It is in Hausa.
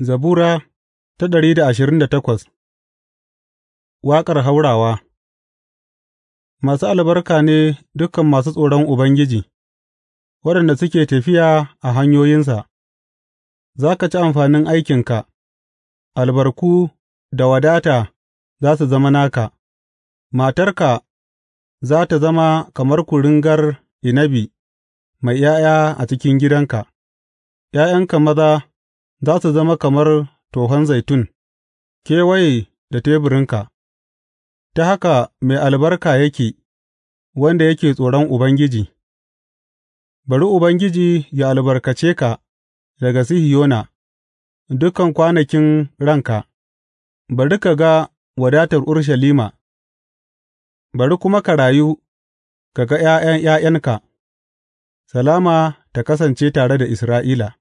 Zabura ta ɗari da ashirin da takwas Waƙar haurawa Masu albarka ne dukan masu tsoron Ubangiji, waɗanda suke tafiya a hanyoyinsa, za ka ci amfanin aikinka, albarku da wadata za su zama naka, matarka za ta zama kamar kuringar inabi mai ’ya'ya a cikin gidanka, ’ya'yanka maza. za su zama kamar tohon zaitun kewaye da teburinka, ta haka mai albarka yake wanda yake tsoron Ubangiji, bari Ubangiji ya albarkace ka daga Sihiyona dukan kwanakin ranka, bari ka ga wadatar Urshalima. bari kuma ka rayu ka ga ’ya'yan ’ya'yanka, salama ta kasance tare da Isra'ila.